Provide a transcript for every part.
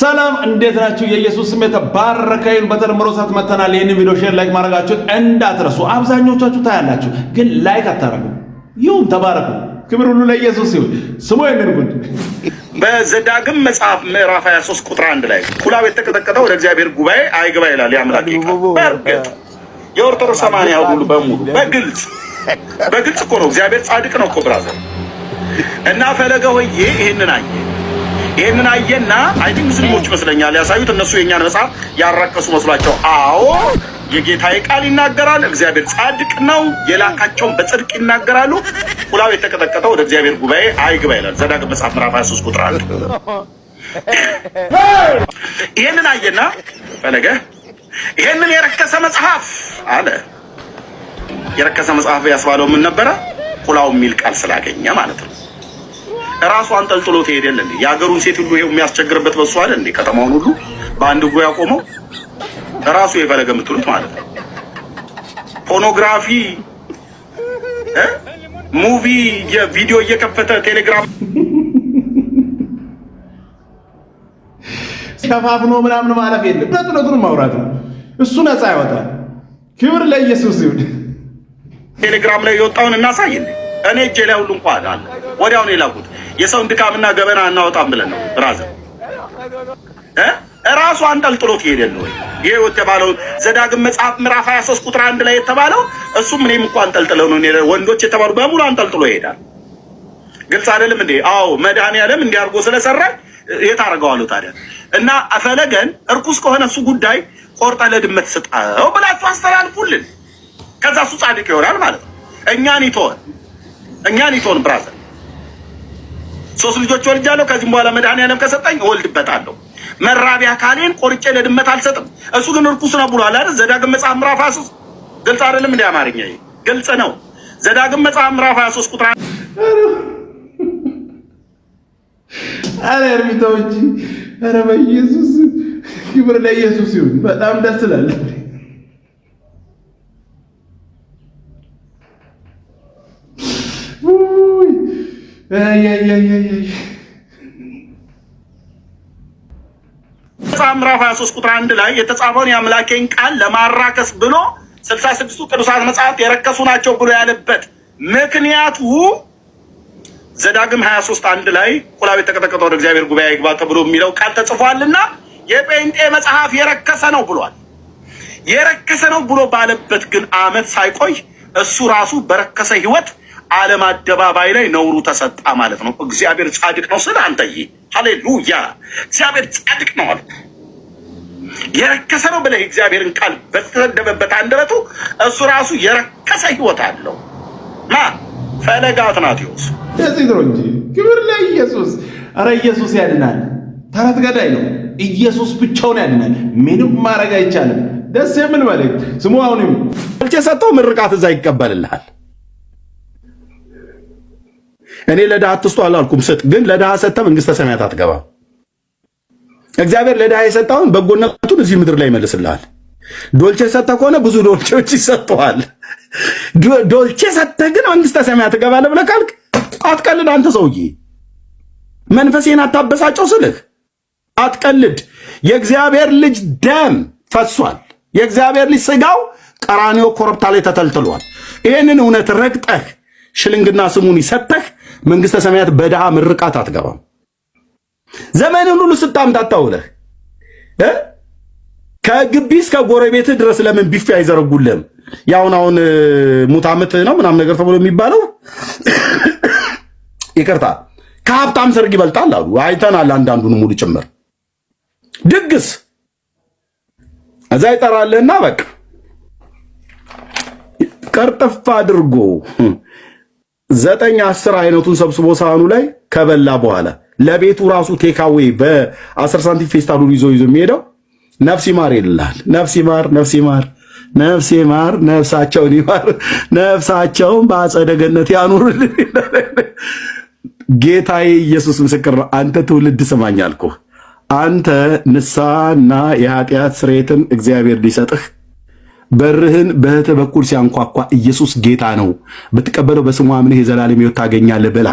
ሰላም እንዴት ናችሁ? የኢየሱስ ስም የተባረከ ይሁን። በተለምዶ ሰዓት መተናል። ይህንን ቪዲዮ ሼር፣ ላይክ ማድረጋችሁን እንዳትረሱ። አብዛኞቻችሁ ታያላችሁ፣ ግን ላይክ አታረጉ። ይሁን ተባረኩ። ክብር ሁሉ ለኢየሱስ ይሁን። ስሙ ይንጉድ በዘዳግም መጽሐፍ ምዕራፍ 23 ቁጥር አንድ ላይ ኩላው የተቀጠቀጠ ወደ እግዚአብሔር ጉባኤ አይገባ ይላል የአምላክ በእርግጥ የኦርቶዶክስ ሰማንያ ሁሉ በሙሉ በግልጽ በግልጽ እኮ ነው። እግዚአብሔር ጻድቅ ነው እኮ ብራዘር እና ፈለገ ሆዬ ይህንን አየ ይህንን አየና አይ ቲንክ ሙስሊሞች ይመስለኛል ያሳዩት እነሱ የእኛን መጽሐፍ ያረከሱ መስሏቸው። አዎ የጌታዬ ቃል ይናገራል፣ እግዚአብሔር ጻድቅ ነው፣ የላካቸውን በጽድቅ ይናገራሉ፣ ቁላው የተቀጠቀጠ ወደ እግዚአብሔር ጉባኤ አይግባ ይላል ዘዳግም መጽሐፍ ምዕራፍ 23 ቁጥር አንድ ይህንን አየና ፈለገ ይህንን የረከሰ መጽሐፍ አለ። የረከሰ መጽሐፍ ያስባለው ምን ነበረ? ቁላው የሚል ቃል ስላገኘ ማለት ነው። ራሱ አንጠልጥሎ ተሄደ ትሄደል እንዴ? የሀገሩን ሴት ሁሉ ይሄው የሚያስቸግርበት በሱ አይደል እንዴ? ከተማውን ሁሉ በአንድ ጉያ ያቆመው ራሱ የፈለገ የምትሉት ማለት ነው። ፖርኖግራፊ ሙቪ የቪዲዮ እየከፈተ ቴሌግራም ተፋፍኖ ምናምን ማለፍ የለም። እውነት እውነቱን ማውራት ነው። እሱ ነፃ ያወጣል። ክብር ለኢየሱስ ይሁን። ቴሌግራም ላይ የወጣውን እናሳይን። እኔ እጄ ላይ ሁሉ እንኳን አለ ወዲያውን የላኩት የሰውን ድካምና ገበና እናወጣም ብለን ነው ብራዘር እ ራሱ አንጠልጥሎ ይሄደን ነው ይሄ የተባለው ዘዳግም መጽሐፍ ምዕራፍ 23 ቁጥር አንድ ላይ የተባለው እሱም እኔም እንኳን አንጠልጥለው ነው ወንዶች የተባሉ በሙሉ አንጠልጥሎ ይሄዳል። ግልጽ አይደለም እንዴ? አዎ መድኃኒዓለም እንዲያርጎ ስለሰራ ስለሰራኝ የታረገዋሉ ታዲያ እና ፈለገን እርኩስ ከሆነ እሱ ጉዳይ ቆርጠ ለድመት ስጠው ብላችሁ አስተላልፉልን። ከዛ እሱ ጻድቅ ይሆናል ማለት ነው። እኛን ይተወን፣ እኛን ይተወን ብራዘር ሶስት ልጆች ወልጃለሁ። ከዚህም በኋላ መድኃኒዓለም ከሰጠኝ እወልድበታለሁ። መራቢያ ካሌን ቆርጬ ለድመት አልሰጥም። እሱ ግን እርኩስ ነው ብሏል አይደል? ዘዳግም መጽሐፍ ምዕራፍ 23 ግልጽ አይደለም እንደ አማርኛ ግልጽ ነው። ዘዳግም መጽሐፍ ምዕራፍ 23 ቁጥር አለ እርሚታው እንጂ አረ በኢየሱስ ክብር ለኢየሱስ ይሁን። በጣም ደስ ይላል። ምዕራፍ 23 ቁጥር አንድ ላይ የተጻፈውን የአምላኬን ቃል ለማራከስ ብሎ ስልሳ ስድስቱ ቅዱሳት መጽሐፍት የረከሱ ናቸው ብሎ ያለበት ምክንያቱ ዘዳግም 23 አንድ ላይ ቁላቤት የተቀጠቀጠ ወደ እግዚአብሔር ጉባኤ ይግባ ተብሎ የሚለው ቃል ተጽፏልና የጴንጤ መጽሐፍ የረከሰ ነው ብሏል። የረከሰ ነው ብሎ ባለበት ግን አመት ሳይቆይ እሱ ራሱ በረከሰ ህይወት ። ዓለም አደባባይ ላይ ነውሩ ተሰጣ ማለት ነው። እግዚአብሔር ጻድቅ ነው ስለ አንተ ይህ ሃሌሉያ፣ እግዚአብሔር ጻድቅ ነው አልኩ። የረከሰ ነው ብለህ እግዚአብሔርን ቃል በተሰደበበት አንደበቱ እሱ ራሱ የረከሰ ህይወት አለው። ማ ፈለገ አትናቴዎስ ለዚህ ነው እንጂ ክብር ለኢየሱስ። አረ ኢየሱስ ያድናል። ተረት ገዳይ ነው ኢየሱስ ብቻውን ያድናል። ምንም ማድረግ አይቻልም። ደስ የምን መልእክት ስሙ። አሁንም ልቼ ሰጠው ምርቃት እዛ ይቀበልልሃል። እኔ ለድሃ አትስጡ አላልኩም፣ ስጥ። ግን ለድሃ ሰጥተህ መንግስተ ሰማያት አትገባም። እግዚአብሔር ለድሃ የሰጠውን በጎነቱን እዚህ ምድር ላይ ይመልስልሃል። ዶልቼ ሰጥተህ ከሆነ ብዙ ዶልቼዎች ይሰጠዋል። ዶልቼ ሰጥተህ ግን መንግስተ ሰማያት ትገባለህ ብለህ ካልክ አትቀልድ። አንተ ሰውዬ መንፈሴን አታበሳጨው ስልህ አትቀልድ። የእግዚአብሔር ልጅ ደም ፈሷል። የእግዚአብሔር ልጅ ስጋው ቀራንዮ ኮረብታ ላይ ተተልትሏል። ይህንን እውነት ረግጠህ ሽልንግና ስሙን ይሰጠህ መንግስተ ሰማያት በድሃ ምርቃት አትገባም። ዘመንን ሁሉ ስታምታታ ውለህ ከግቢ እስከ ጎረቤትህ ድረስ ለምን ቢፌ አይዘረጉልህም? ያውን አሁን ሙት ዓመት ነው ምናምን ነገር ተብሎ የሚባለው ይቅርታ፣ ከሀብታም ሰርግ ይበልጣል አሉ። አይተናል፣ አንዳንዱን ሙሉ ጭምር ድግስ እዛ ይጠራልህና በቃ ቀርጥፍ አድርጎ ዘጠኝ አስር አይነቱን ሰብስቦ ሳህኑ ላይ ከበላ በኋላ ለቤቱ ራሱ ቴካዌ በአስር ሳንቲም ፌስታሉን ይዞ ይዞ የሚሄደው ነፍስ ይማር ይልሃል። ነፍስ ማር፣ ነፍስ ማር፣ ነፍስ ይማር፣ ነፍሳቸውን ይማር፣ ነፍሳቸውን በአጸደ ገነት ያኑርልን። ጌታዬ ኢየሱስ ምስክር ነው። አንተ ትውልድ ስማኝ አልኩህ። አንተ ንስሐና የኃጢአት ስርየትን እግዚአብሔር ሊሰጥህ በርህን በህተ በኩል ሲያንኳኳ ኢየሱስ ጌታ ነው ብትቀበለው በስሙ አምነህ የዘላለም ሕይወት ታገኛለህ ብላ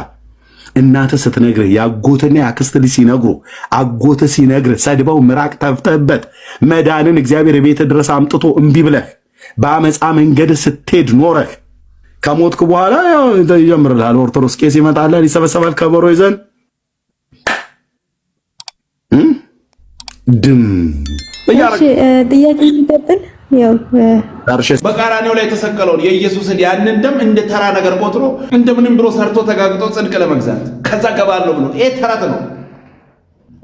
እናተ ስትነግር የአጎትና የአክስት ልጅ ሲነግሩ አጎተ ሲነግር ሰድባው ምራቅ ተፍተህበት መዳንን እግዚአብሔር ቤት ድረስ አምጥቶ እምቢ ብለህ በአመፃ መንገድ ስትሄድ ኖረህ ከሞትክ በኋላ ይጀምርልሃል። ኦርቶዶክስ ቄስ ይመጣልሃል፣ ይሰበሰባል ከበሮ ይዘን ድም ጥያቄ የሚቀጥል በቃራኒው ላይ የተሰቀለውን የኢየሱስን ያንን ደም እንደ ተራ ነገር ቆጥሮ እንደምንም ብሎ ሰርቶ ተጋግጦ ጽድቅ ለመግዛት ከዛ ገባለሁ ብሎ ይሄ ተረት ነው።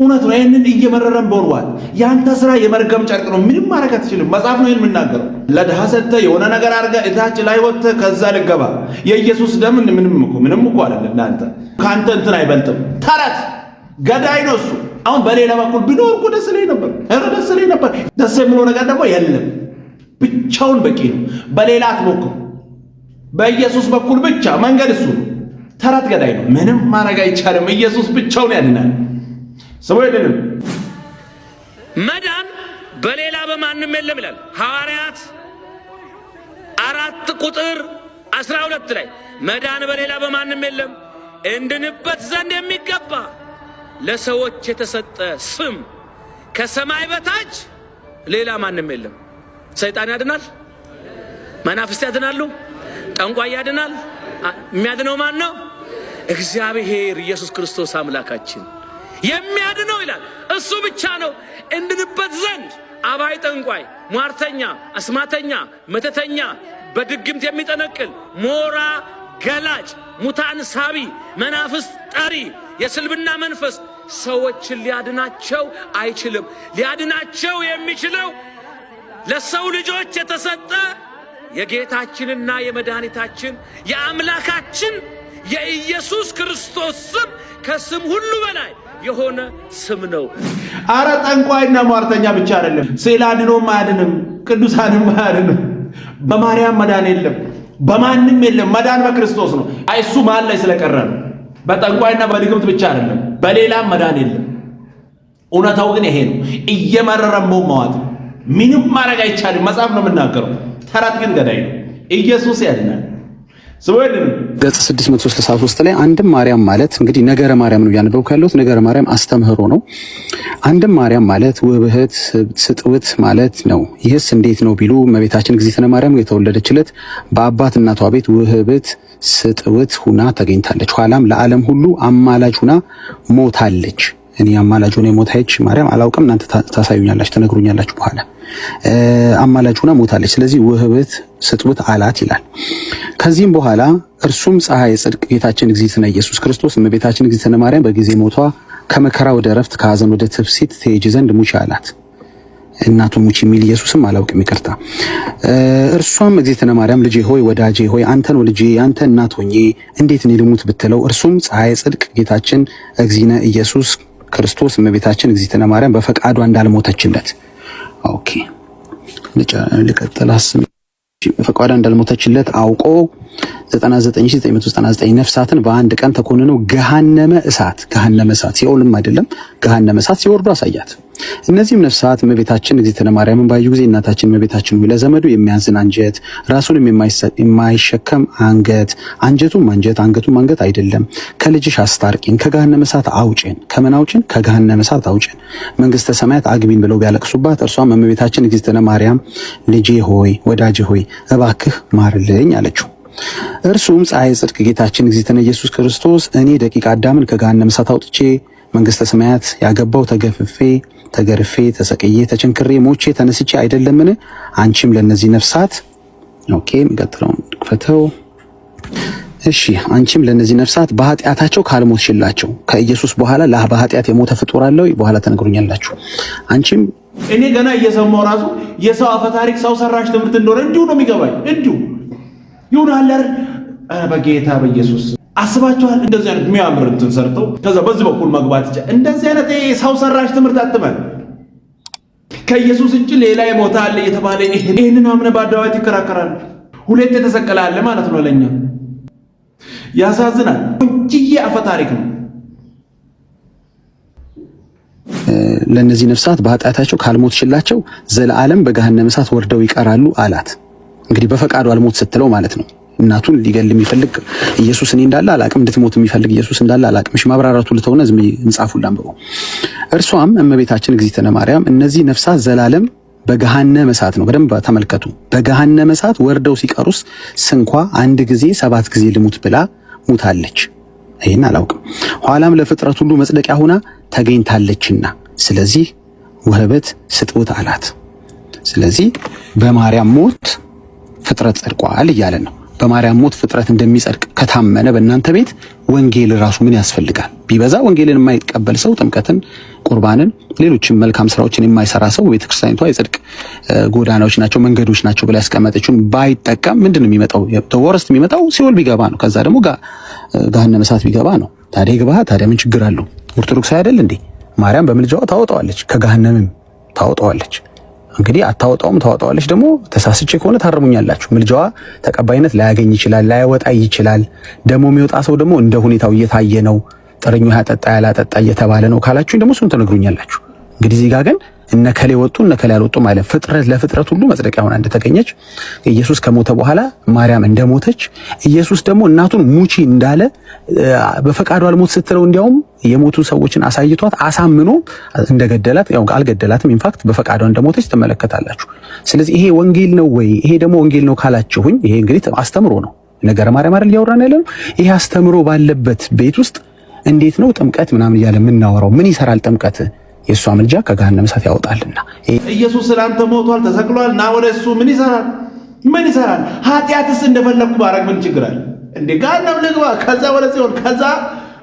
እውነት ነው። ይህንን እየመረረን በውሏል። የአንተ ስራ የመርገም ጨርቅ ነው። ምንም ማድረግ አትችልም። መጽሐፍ ነው ይህን የምናገረው። ለድሀ ሰተ የሆነ ነገር አድርገህ እታች ላይ ወጥተ ከዛ ልገባ የኢየሱስ ደም ምንም እኮ ምንም እኮ አለን። እናንተ ከአንተ እንትን አይበልጥም። ተረት ገዳይ ነው እሱ። አሁን በሌላ በኩል ቢኖር እኮ ደስ ላይ ነበር፣ ኧረ ደስ ላይ ነበር። ደስ የምለው ነገር ደግሞ የለም። ብቻውን በቂ ነው። በሌላ አትሞክሩ። በኢየሱስ በኩል ብቻ መንገድ እሱ ተረት ገዳይ ነው። ምንም ማድረግ አይቻልም። ኢየሱስ ብቻውን ያድናል። ስሙ ይልንም መዳን በሌላ በማንም የለም ይላል ሐዋርያት አራት ቁጥር አስራ ሁለት ላይ መዳን በሌላ በማንም የለም እንድንበት ዘንድ የሚገባ ለሰዎች የተሰጠ ስም ከሰማይ በታች ሌላ ማንም የለም። ሰይጣን ያድናል? መናፍስት ያድናሉ? ጠንቋይ ያድናል? የሚያድነው ማን ነው? እግዚአብሔር ኢየሱስ ክርስቶስ አምላካችን የሚያድነው ይላል። እሱ ብቻ ነው እንድንበት ዘንድ አባይ ጠንቋይ፣ ሟርተኛ፣ አስማተኛ፣ መተተኛ፣ በድግምት የሚጠነቅል ሞራ ገላጭ፣ ሙታን ሳቢ፣ መናፍስት ጠሪ፣ የስልብና መንፈስ ሰዎችን ሊያድናቸው አይችልም። ሊያድናቸው የሚችለው ለሰው ልጆች የተሰጠ የጌታችንና የመድኃኒታችን የአምላካችን የኢየሱስ ክርስቶስ ስም ከስም ሁሉ በላይ የሆነ ስም ነው። አረ ጠንቋይና ሟርተኛ ብቻ አይደለም። ስዕል አድኖም አያድንም፣ ቅዱሳንም አያድንም። በማርያም መዳን የለም፣ በማንም የለም። መዳን በክርስቶስ ነው። አይ እሱ መሀል ላይ ስለቀረ ነው። በጠንቋይና በድግምት ብቻ አይደለም፣ በሌላም መዳን የለም። እውነታው ግን ይሄ ነው። እየመረረ መዋጥ ምንም ማድረግ አይቻልም። መጽሐፍ ነው የምናገረው። ተረት ግን ገዳይ ነው። ኢየሱስ ያድናል። ገጽ 663 ላይ አንድም ማርያም ማለት እንግዲህ ነገረ ማርያም ነው እያነበብኩ ያለሁት። ነገረ ማርያም አስተምህሮ ነው። አንድም ማርያም ማለት ውብህት ስጥውት ማለት ነው። ይህስ እንዴት ነው ቢሉ እመቤታችን እግዝእትነ ማርያም የተወለደችለት በአባት እናቷ ቤት ውህብት ስጥውት ሁና ተገኝታለች። ኋላም ለዓለም ሁሉ አማላጅ ሁና ሞታለች። እኔ አማላጅ ሆና ሞታች። ማርያም አላውቅም፣ እናንተ ታሳዩኛላችሁ፣ ትነግሩኛላችሁ በኋላ። አማላጅ ሆና ሞታለች። ስለዚህ ውህብት ስጥውት አላት ይላል። ከዚህም በኋላ እርሱም ፀሐይ ጽድቅ ጌታችን እግዚእትነ ኢየሱስ ክርስቶስ እመቤታችን እግዚእትነ ማርያም በጊዜ ሞቷ ከመከራ ወደ ረፍት ከሐዘን ወደ ትፍሲት ትሄጂ ዘንድ ሙቺ አላት። እናቱ ሙቺ የሚል ኢየሱስም አላውቅም፣ ይቅርታ። እርሷም እግዚእትነ ማርያም ልጄ ሆይ ወዳጄ ሆይ አንተን ወልጄ አንተ እናት ሆኜ እንዴት እኔ ልሙት ብትለው እርሱም ፀሐይ ጽድቅ ጌታችን እግዚእነ ኢየሱስ ክርስቶስ እመቤታችን እግዚእትነ ማርያም በፈቃዷ እንዳልሞተችለት ኦኬ ልቀጥል በፈቃዷ እንዳልሞተችለት አውቆ 99999 ነፍሳትን በአንድ ቀን ተኮንነው ገሃነመ እሳት ገሃነመ እሳት ሲኦልም አይደለም ገሃነመ እሳት ሲወርዱ አሳያት። እነዚህም ነፍሳት እመቤታችን እግዝእትነ ማርያምን ባዩ ጊዜ እናታችን እመቤታችን ሆይ ለዘመዱ የሚያዝን አንጀት ራሱንም የማይሸከም አንገት አንጀቱም አንጀት አንገቱም አንገት አይደለም፣ ከልጅሽ አስታርቂን፣ ከገሃነመ እሳት አውጭን፣ ከመናውጭን ከገሃነመ እሳት አውጭን፣ መንግስተ ሰማያት አግቢን ብለው ቢያለቅሱባት እርሷም እመቤታችን እግዝእትነ ማርያም ልጄ ሆይ ወዳጄ ሆይ እባክህ ማርልኝ አለችው። እርሱም ፀሐይ ጽድቅ ጌታችን እግዝእትነ ኢየሱስ ክርስቶስ እኔ ደቂቅ አዳምን ከገሃነመ እሳት አውጥቼ መንግስተ ሰማያት ያገባው ተገፍፌ ተገርፌ ተሰቅዬ ተቸንክሬ ሞቼ ተነስቼ አይደለምን? አንቺም ለነዚህ ነፍሳት ኦኬ፣ የሚቀጥለውን ክፈተው። እሺ አንቺም ለነዚህ ነፍሳት በኃጢአታቸው ካልሞትሽላቸው ከኢየሱስ በኋላ በኃጢአት የሞተ ፍጡር አለው በኋላ ተነግሩኛላችሁ። አንቺም እኔ ገና እየሰማው ራሱ የሰው አፈ ታሪክ ሰው ሰራሽ ትምህርት እንደሆነ እንዲሁ ነው የሚገባኝ። እንዲሁ ይሁን አለር በጌታ በኢየሱስ አስባችኋል? እንደዚህ አይነት የሚያምር እንትን ሰርተው ከዛ በዚህ በኩል መግባት ይቻ እንደዚህ አይነት ሰው ሰራሽ ትምህርት አትመን። ከኢየሱስ እጅ ሌላ አለ እየተባለ ይህንን አምነ በአደባባይ ይከራከራል። ሁለት የተሰቀለ አለ ማለት ነው። ለኛ ያሳዝናል። ቆንጅዬ አፈ ታሪክ ነው። ለእነዚህ ነፍሳት በኃጢአታቸው ካልሞትሽላቸው ዘለዓለም በገሃነመ እሳት ወርደው ይቀራሉ አላት። እንግዲህ በፈቃዱ አልሞት ስትለው ማለት ነው። እናቱን ሊገል የሚፈልግ ኢየሱስ እኔ እንዳለ አላቅም፣ እንድትሞት የሚፈልግ ኢየሱስ እንዳለ አላቅም። እሺ ማብራራቱ ልተውና ዝም እንጻፉላ አንብቡ። እርሷም እመቤታችን እግዝእትነ ማርያም እነዚህ ነፍሳት ዘላለም በገሃነ መሳት ነው። በደንብ ተመልከቱ። በገሃነ መሳት ወርደው ሲቀሩስ ስንኳ አንድ ጊዜ ሰባት ጊዜ ልሙት ብላ ሙታለች። ይህን አላውቅም። ኋላም ለፍጥረት ሁሉ መጽደቂያ ሆና ተገኝታለችና ስለዚህ ውህበት ስጥውት አላት። ስለዚህ በማርያም ሞት ፍጥረት ጸድቋል እያለ ነው። በማርያም ሞት ፍጥረት እንደሚጸድቅ ከታመነ በእናንተ ቤት ወንጌል ራሱ ምን ያስፈልጋል? ቢበዛ ወንጌልን የማይቀበል ሰው ጥምቀትን፣ ቁርባንን፣ ሌሎችም መልካም ስራዎችን የማይሰራ ሰው ቤተክርስቲያኒቷ የጽድቅ ጎዳናዎች ናቸው መንገዶች ናቸው ብላ ያስቀመጠችውን ባይጠቀም ምንድን ነው የሚመጣው? ተወረስት የሚመጣው ሲኦል ቢገባ ነው። ከዛ ደግሞ ገሃነመ እሳት ቢገባ ነው። ታዲያ ይግባ። ታዲያ ምን ችግር አለው? ኦርቶዶክስ አይደል እንዴ? ማርያም በምልጃዋ ታወጣዋለች፣ ከገሃነምም ታወጣዋለች። እንግዲህ አታወጣውም፣ ታወጣዋለች። ደግሞ ተሳስቼ ከሆነ ታርሙኛላችሁ። ምልጃዋ ተቀባይነት ላያገኝ ይችላል፣ ላይወጣ ይችላል። ደግሞ የሚወጣ ሰው ደግሞ እንደ ሁኔታው እየታየ ነው። ጥርኙ ያጠጣ ያላጠጣ እየተባለ ነው ካላችሁኝ ደግሞ እሱን ትነግሩኛላችሁ። እንግዲህ እዚህ ጋር ግን እነከሌ ወጡ እነከሌ አልወጡም አይልም። ፍጥረት ለፍጥረት ሁሉ መጽደቂያ ሆና እንደተገኘች ኢየሱስ ከሞተ በኋላ ማርያም እንደሞተች ኢየሱስ ደግሞ እናቱን ሙቺ እንዳለ በፈቃዱ አልሞት ስትለው እንዲያውም የሞቱ ሰዎችን አሳይቷት አሳምኖ እንደገደላት ያው አልገደላትም። ኢንፋክት በፈቃዷ እንደሞተች ትመለከታላችሁ። ስለዚህ ይሄ ወንጌል ነው ወይ ይሄ ደግሞ ወንጌል ነው ካላችሁኝ ይሄ እንግዲህ አስተምሮ ነው። ነገረ ማርያም አይደል እያወራን ያለነው። ይሄ አስተምሮ ባለበት ቤት ውስጥ እንዴት ነው ጥምቀት ምናምን እያለ የምናወራው? ምን ይሰራል ጥምቀት የእሷ ምልጃ ከገሃነመ እሳት ያወጣልና። ኢየሱስ ስለአንተ ሞቷል፣ ተሰቅሏል። ና ወደ እሱ ምን ይሰራል? ምን ይሰራል? ኃጢአትስ እንደፈለግኩ ባረግ ምን ችግር አለ እንዴ? ገሃነም ልግባ፣ ከዛ ወደ ሲሆን፣ ከዛ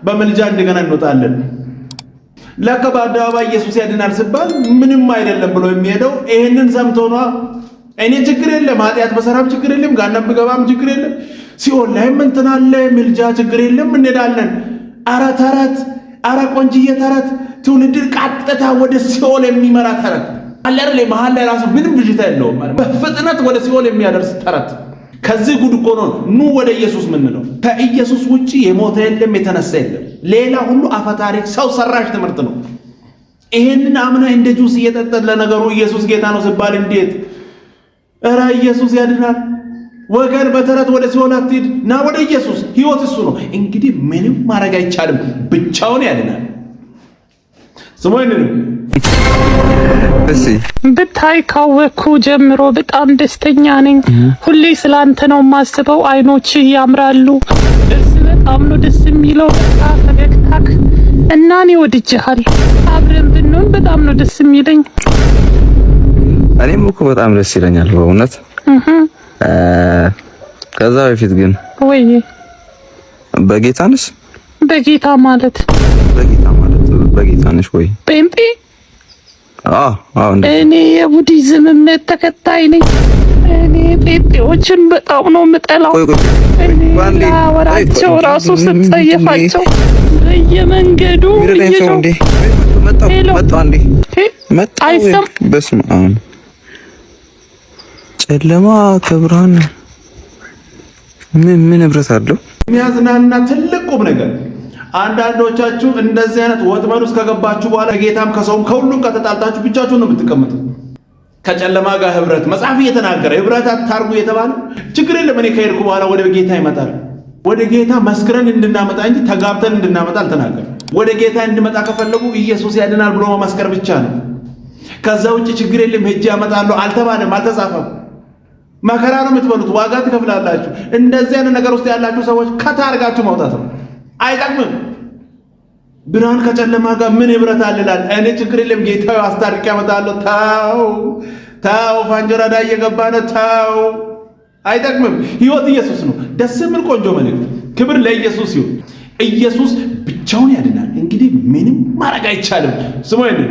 በምልጃ እንደገና እንወጣለን። ለከ በአደባባይ ኢየሱስ ያድናል ሲባል ምንም አይደለም ብሎ የሚሄደው ይህንን ሰምቶ ነዋ። እኔ ችግር የለም ኃጢአት በሰራም ችግር የለም ገሃነም ብገባም ችግር የለም ሲሆን ላይ እንትን ምልጃ ችግር የለም እንሄዳለን። አረት አረት አረ ቆንጅዬ ተረት ትውልድን ቀጥታ ወደ ሲኦል የሚመራ ተረት አለር መሀል ላይ ራሱ ምንም ብዥታ የለውም። በፍጥነት ወደ ሲኦል የሚያደርስ ተረት። ከዚህ ጉድ እኮ ነው ኑ ወደ ኢየሱስ ምንለው። ከኢየሱስ ውጪ የሞተ የለም፣ የተነሳ የለም። ሌላ ሁሉ አፈታሪክ ሰው ሰራሽ ትምህርት ነው። ይሄንን አምና እንደ ጁስ እየጠጠ ለነገሩ ኢየሱስ ጌታ ነው ሲባል እንዴት እረ ኢየሱስ ያድናል ወገን በተረት ወደ ሲሆን አትሂድ፣ ና ወደ ኢየሱስ። ህይወት እሱ ነው። እንግዲህ ምንም ማድረግ አይቻልም፣ ብቻውን ያድናል። ስሞይንም ብታይ ካወቅኩ ጀምሮ በጣም ደስተኛ ነኝ። ሁሌ ስላንተ ነው የማስበው። አይኖች ያምራሉ። እርስ በጣም ነው ደስ የሚለው በቃ ፈገግታክ እና እኔ ወድጄሃል። አብረን ብንሆን በጣም ነው ደስ የሚለኝ። እኔም እኮ በጣም ደስ ይለኛል በእውነት ከዛ በፊት ግን ወይ በጌታንስ በጌታ ማለት በጌታ ማለት በጌታንሽ ወይ ጴንጤ አዎ አዎ እኔ የቡዲዝም እምነት ተከታይ ነኝ። እኔ ጴንጤዎችን በጣም ነው የምጠላው። ወራቸው ራሱ ስጸየፋቸው በየመንገዱ ይሄ ነው። መጣው አንዴ መጣው መጣሁ። በስመ አብ ጨለማ ከብርሃን ምን ምን ህብረት አለው? የሚያዝናና ትልቅ ቁም ነገር። አንዳንዶቻችሁ እንደዚህ አይነት ወጥመድ ውስጥ ከገባችሁ በኋላ ጌታም ከሰውም ከሁሉም ከተጣልታችሁ ተጣልታችሁ ብቻችሁን ነው የምትቀመጡ። ከጨለማ ጋር ህብረት መጽሐፍ እየተናገረ ህብረት አታርጉ የተባለ ችግር የለም። እኔ ከሄድኩ በኋላ ወደ ጌታ ይመጣል። ወደ ጌታ መስክረን እንድናመጣ እንጂ ተጋብተን እንድናመጣ አልተናገርም። ወደ ጌታ እንድመጣ ከፈለጉ ኢየሱስ ያድናል ብሎ መመስከር ብቻ ነው። ከዛ ውጭ ችግር የለም ሄጄ ያመጣለሁ አልተባለም፣ አልተጻፈም። መከራ ነው የምትበሉት፣ ዋጋ ትከፍላላችሁ። እንደዚህ አይነት ነገር ውስጥ ያላችሁ ሰዎች ከታርጋችሁ መውጣት ነው፣ አይጠቅምም። ብርሃን ከጨለማ ጋር ምን ህብረት አለላል? እኔ ችግር የለም ጌታ አስታርቅ ያመጣለሁ። ታው ታው ፋንጀራዳ እየገባ ታው አይጠቅምም። ህይወት ኢየሱስ ነው። ደስ የሚል ቆንጆ መልእክት። ክብር ለኢየሱስ ይሁን። ኢየሱስ ብቻውን ያድናል። እንግዲህ ምንም ማድረግ አይቻልም። ስሙ ይንን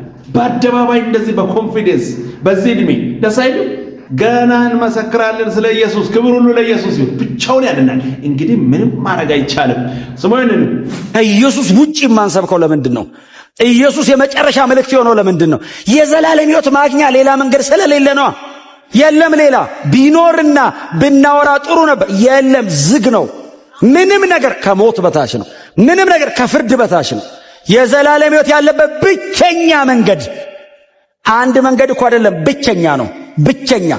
በአደባባይ እንደዚህ በኮንፊደንስ በዚህ እድሜ ደስ አይልም? ገና እንመሰክራለን ስለ ኢየሱስ። ክብር ሁሉ ለኢየሱስ ይሁን። ብቻውን ያድናል። እንግዲህ ምንም ማድረግ አይቻልም። ስሞይንን ከኢየሱስ ውጭ የማንሰብከው ለምንድን ነው? ኢየሱስ የመጨረሻ መልእክት የሆነው ለምንድን ነው? የዘላለም ሕይወት ማግኛ ሌላ መንገድ ስለሌለ ነዋ። የለም ሌላ ቢኖርና ብናወራ ጥሩ ነበር። የለም ዝግ ነው። ምንም ነገር ከሞት በታች ነው። ምንም ነገር ከፍርድ በታች ነው። የዘላለም ሕይወት ያለበት ብቸኛ መንገድ አንድ መንገድ እኮ አይደለም፣ ብቸኛ ነው። ብቸኛ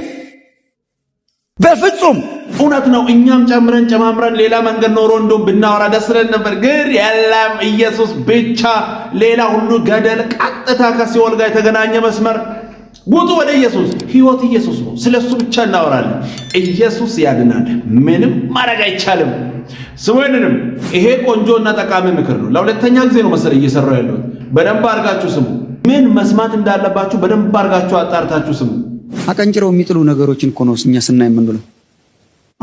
በፍጹም እውነት ነው። እኛም ጨምረን ጨማምረን ሌላ መንገድ ኖሮ እንደውም ብናወራ ደስ ይለን ነበር፣ ግን የለም። ኢየሱስ ብቻ፣ ሌላ ሁሉ ገደል። ቀጥታ ከሲኦል ጋር የተገናኘ መስመር ውጡ ወደ ኢየሱስ። ህይወት ኢየሱስ ነው። ስለ እሱ ብቻ እናወራለን። ኢየሱስ ያድናል። ምንም ማድረግ አይቻልም። ስሙኝንም ይሄ ቆንጆና ጠቃሚ ምክር ነው። ለሁለተኛ ጊዜ ነው መሰለኝ እየሰራው ያለሁት። በደንብ አድርጋችሁ ስሙ። ምን መስማት እንዳለባችሁ በደንብ አድርጋችሁ አጣርታችሁ ስሙ። አቀንጭረው የሚጥሉ ነገሮችን እኮ ነው እኛ ስናይ የምንውለው።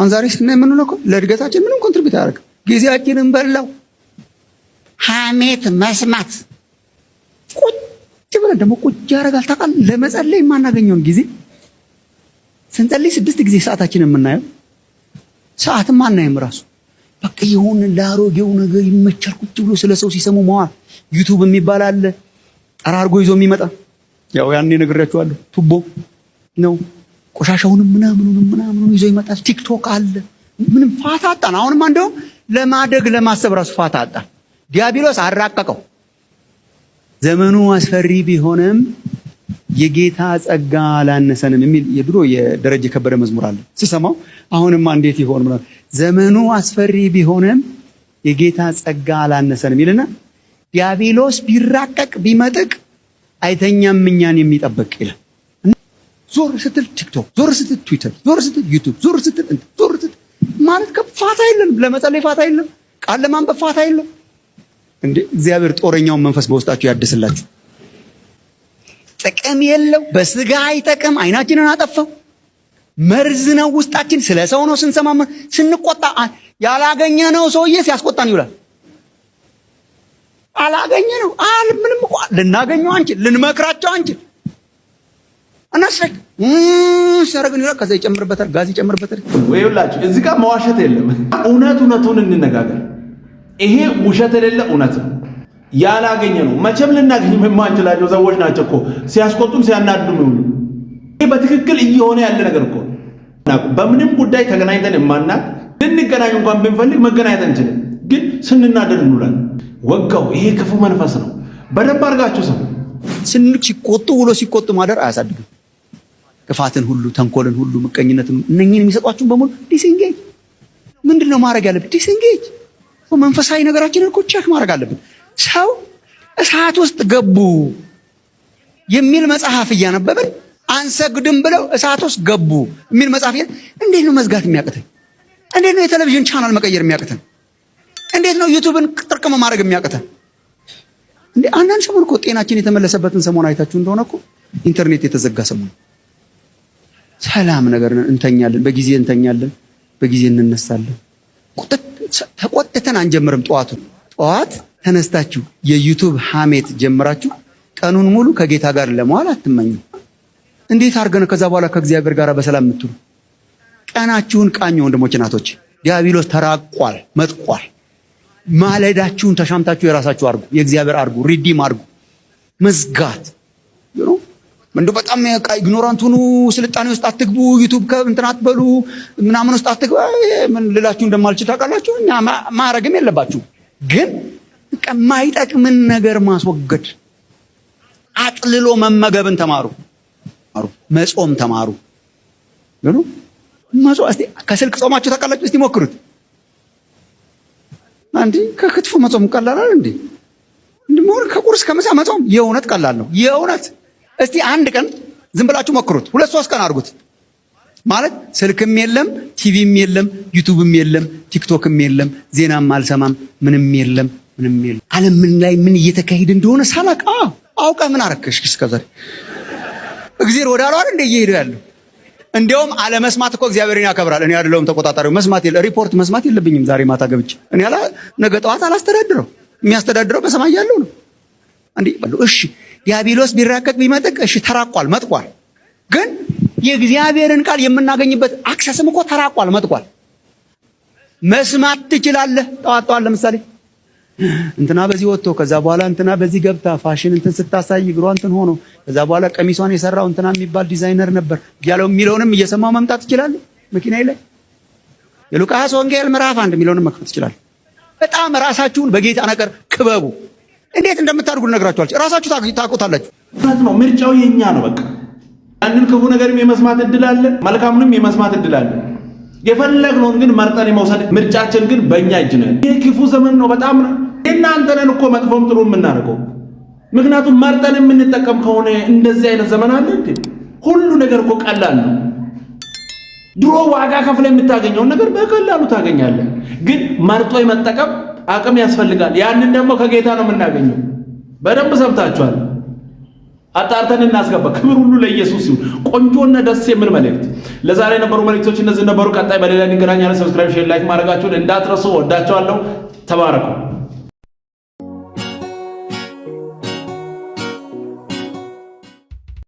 አንዛሬ ስናይ የምንውለው ለእድገታችን ምንም ኮንትሪቢት አያደርግም። ጊዜያችንን በላው። ሐሜት መስማት ቁጭ ብለን ደግሞ ቁጭ ያደርጋል። ታውቃለህ ለመጸለይ የማናገኘውን ጊዜ ስንጸልይ ስድስት ጊዜ ሰዓታችን የምናየው ሰዓትም አናይም ራሱ በቃ የሆነ ለአሮጌው ነገር ይመቻል። ቁጭ ብሎ ስለ ሰው ሲሰሙ መዋል። ዩቱብ የሚባል አለ ጠራርጎ ይዞ የሚመጣ ያው ያኔ ነግሬያችኋለሁ። ቱቦ ነው ቆሻሻውንም ምናምኑንም ምናምኑን ይዞ ይመጣል። ቲክቶክ አለ ምንም ፋታ አጣን። አሁንማ እንደውም ለማደግ ለማሰብ ራሱ ፋታ አጣን። ዲያብሎስ አራቀቀው። ዘመኑ አስፈሪ ቢሆንም የጌታ ጸጋ አላነሰንም የሚል የድሮ የደረጀ የከበደ መዝሙር አለ። ስሰማው አሁንማ እንዴት ይሆን ዘመኑ አስፈሪ ቢሆንም የጌታ ጸጋ አላነሰንም ይልና ዲያብሎስ ቢራቀቅ ቢመጥቅ አይተኛም እኛን የሚጠበቅ ይላል። ዞር ስትል ቲክቶክ፣ ዞር ስትል ትዊተር፣ ዞር ስትል ዩቱብ፣ ዞር ስትል ዞር ስትል ማለት ከፋታ የለንም። ለመጸለይ ፋታ የለም። ቃል ለማንበብ ፋታ የለም። እንደ እግዚአብሔር ጦረኛውን መንፈስ በውስጣችሁ ያድስላችሁ። ጥቅም የለው፣ በስጋ አይጠቅም። አይናችንን አጠፋው። መርዝ ነው ውስጣችን። ስለ ሰው ነው ስንሰማማ፣ ስንቆጣ ያላገኘ ነው ሰውዬ ሲያስቆጣን ይውላል። አላገኘ ነው አል ምንም እኮ ልናገኘው አንችል፣ ልንመክራቸው አንችል። እናስረክ ሰረግን ይውላል። ከዛ ይጨምርበታል፣ ጋዝ ይጨምርበታል። ወይ ሁላችሁ እዚህ ጋር መዋሸት የለም። እውነት እውነቱን እንነጋገር። ይሄ ውሸት የሌለ እውነት ነው። ያላገኘ ነው መቼም ልናገኝ የማንችላቸው ሰዎች ናቸው እኮ ሲያስቆጡም ሲያናዱም ይሁሉ ይህ በትክክል እየሆነ ያለ ነገር እኮ በምንም ጉዳይ ተገናኝተን የማናት ልንገናኝ እንኳን ብንፈልግ መገናኘት አንችልም፣ ግን ስንናደድ እንውላለን። ወጋው። ይሄ ክፉ መንፈስ ነው። በደንብ አድርጋችሁ ሰው ስንልቅ ሲቆጡ ውሎ ሲቆጡ ማደር አያሳድግም። ክፋትን ሁሉ፣ ተንኮልን ሁሉ፣ ምቀኝነትን እነኝን የሚሰጧችሁን በሙሉ ዲስንጌጅ። ምንድን ነው ማድረግ ያለብን? ዲስንጌጅ። መንፈሳዊ ነገራችንን እኮ ቼክ ማድረግ አለብን። ሰው እሳት ውስጥ ገቡ የሚል መጽሐፍ እያነበብን አንሰግድም ብለው እሳት ውስጥ ገቡ የሚል መጽሐፍ። እንዴት ነው መዝጋት የሚያቅተን? እንዴት ነው የቴሌቪዥን ቻናል መቀየር የሚያቅተን? እንዴት ነው ዩቱብን ጥርቅም ማድረግ የሚያቅተን? እንዴ አንዳንድ ሰሞን እኮ ጤናችን የተመለሰበትን ሰሞን አይታችሁ እንደሆነ እኮ ኢንተርኔት የተዘጋ ሰሞን ሰላም ነገር እንተኛለን፣ በጊዜ እንተኛለን፣ በጊዜ እንነሳለን። ተቆጥተን አንጀምርም። ጠዋቱ ጠዋት ተነስታችሁ የዩቱብ ሐሜት ጀምራችሁ ቀኑን ሙሉ ከጌታ ጋር ለመዋል አትመኙም። እንዴት አድርገን ከዛ በኋላ ከእግዚአብሔር ጋር በሰላም የምትሉ ቀናችሁን ቃኝ ወንድሞች እናቶች። ዲያብሎስ ተራቋል፣ መጥቋል። ማለዳችሁን ተሻምታችሁ የራሳችሁ አድርጉ፣ የእግዚአብሔር አድርጉ፣ ሪዲም አድርጉ። መዝጋት እንዲሁ በጣም ኢግኖራንት ሁኑ፣ ስልጣኔ ውስጥ አትግቡ፣ ዩቱብ ከእንትን አትበሉ፣ ምናምን ውስጥ አትግቡ። ምን ልላችሁ እንደማልችል ታውቃላችሁ። እኛ ማረግም የለባችሁ ግን ማይጠቅምን ነገር ማስወገድ አጥልሎ መመገብን ተማሩ። መጾም ተማሩ። መጾ እስቲ ከስልክ ጾማችሁ ታውቃላችሁ? እስቲ ሞክሩት። አንዲ ከክትፎ መጾም ቀላላል እንዴ? እንድሞር ከቁርስ ከምሳ መጾም የእውነት ቀላል ነው። የእውነት እስቲ አንድ ቀን ዝም ብላችሁ ሞክሩት። ሁለት ሶስት ቀን አድርጉት። ማለት ስልክም የለም ቲቪም የለም ዩቲዩብም የለም ቲክቶክም የለም ዜናም አልሰማም ምንም የለም ምንም የለም። ዓለም ምን ላይ ምን እየተካሄደ እንደሆነ ሳላቅ አውቀ ምን አረከሽ እስከ እግዚአብሔር ወደ አሏል እንደ እየሄደ ያለው እንዲያውም አለመስማት እኮ እግዚአብሔርን ያከብራል። እኔ አይደለሁም ተቆጣጣሪው። መስማት የለ ሪፖርት መስማት የለብኝም ዛሬ ማታ ገብቼ እኔ አላ ነገ ጠዋት አላስተዳድረው የሚያስተዳድረው በሰማይ ያለው ነው። እንዴ ባሉ እሺ፣ ዲያብሎስ ቢራቀቅ ቢመጥቅ እሺ፣ ተራቋል፣ መጥቋል። ግን የእግዚአብሔርን ቃል የምናገኝበት አክሰስም እኮ ተራቋል፣ መጥቋል። መስማት ትችላለህ። ጠዋት ጠዋት ለምሳሌ እንትና በዚህ ወጥቶ ከዛ በኋላ እንትና በዚህ ገብታ ፋሽን እንትን ስታሳይ እግሯ እንትን ሆኖ ከዛ በኋላ ቀሚሷን የሰራው እንትና የሚባል ዲዛይነር ነበር ያለው የሚለውንም እየሰማው መምጣት ይችላል። መኪና ላይ የሉቃስ ወንጌል ምዕራፍ አንድ የሚለውንም መክፈት ይችላል። በጣም ራሳችሁን በጌታ ነገር ክበቡ። እንዴት እንደምታድጉ ልነግራችኋለሁ። ራሳችሁ ታውቁታላችሁ። ነው ምርጫው የኛ ነው። በቃ ያንን ክፉ ነገርም የመስማት እድል አለ፣ መልካሙንም የመስማት እድል አለ። የፈለግነውን ግን መርጠን የመውሰድ ምርጫችን ግን በእኛ እጅ ነው። ይህ ክፉ ዘመን ነው። በጣም ነው እናንተን እኮ መጥፎም ጥሩ የምናደርገው። ምክንያቱም መርጠን የምንጠቀም ከሆነ እንደዚህ አይነት ዘመን አለ እንዴ? ሁሉ ነገር እኮ ቀላል ነው። ድሮ ዋጋ ከፍለ የምታገኘውን ነገር በቀላሉ ታገኛለህ። ግን መርጦ የመጠቀም አቅም ያስፈልጋል። ያንን ደግሞ ከጌታ ነው የምናገኘው። በደንብ ሰምታችኋል። አጣርተን እናስገባ። ክብር ሁሉ ለኢየሱስ ይሁን። ቆንጆና ደስ የሚል መልእክት። ለዛሬ የነበሩ መልእክቶች እነዚህ ነበሩ። ቀጣይ በሌላ እንገናኛለን። ሰብስክራይብ፣ ሼር፣ ላይክ ማድረጋችሁን እንዳትረሱ። ወዳቸዋለሁ። ተባረኩ።